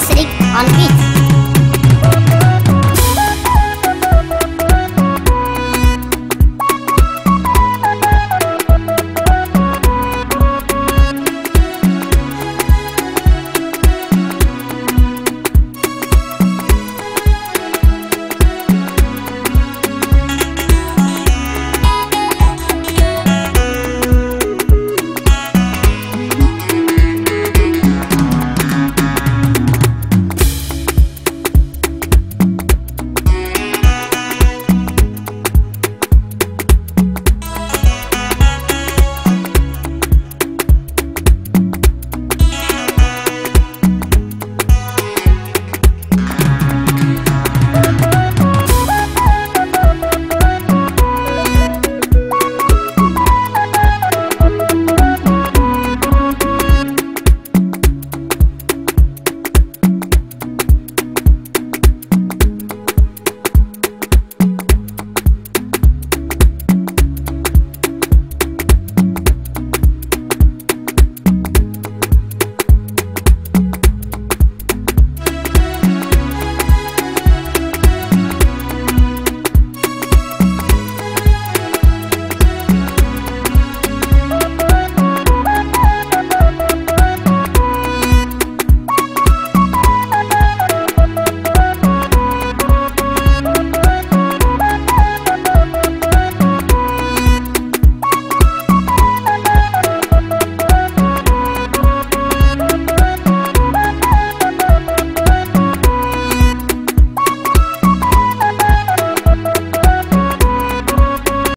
sitting on a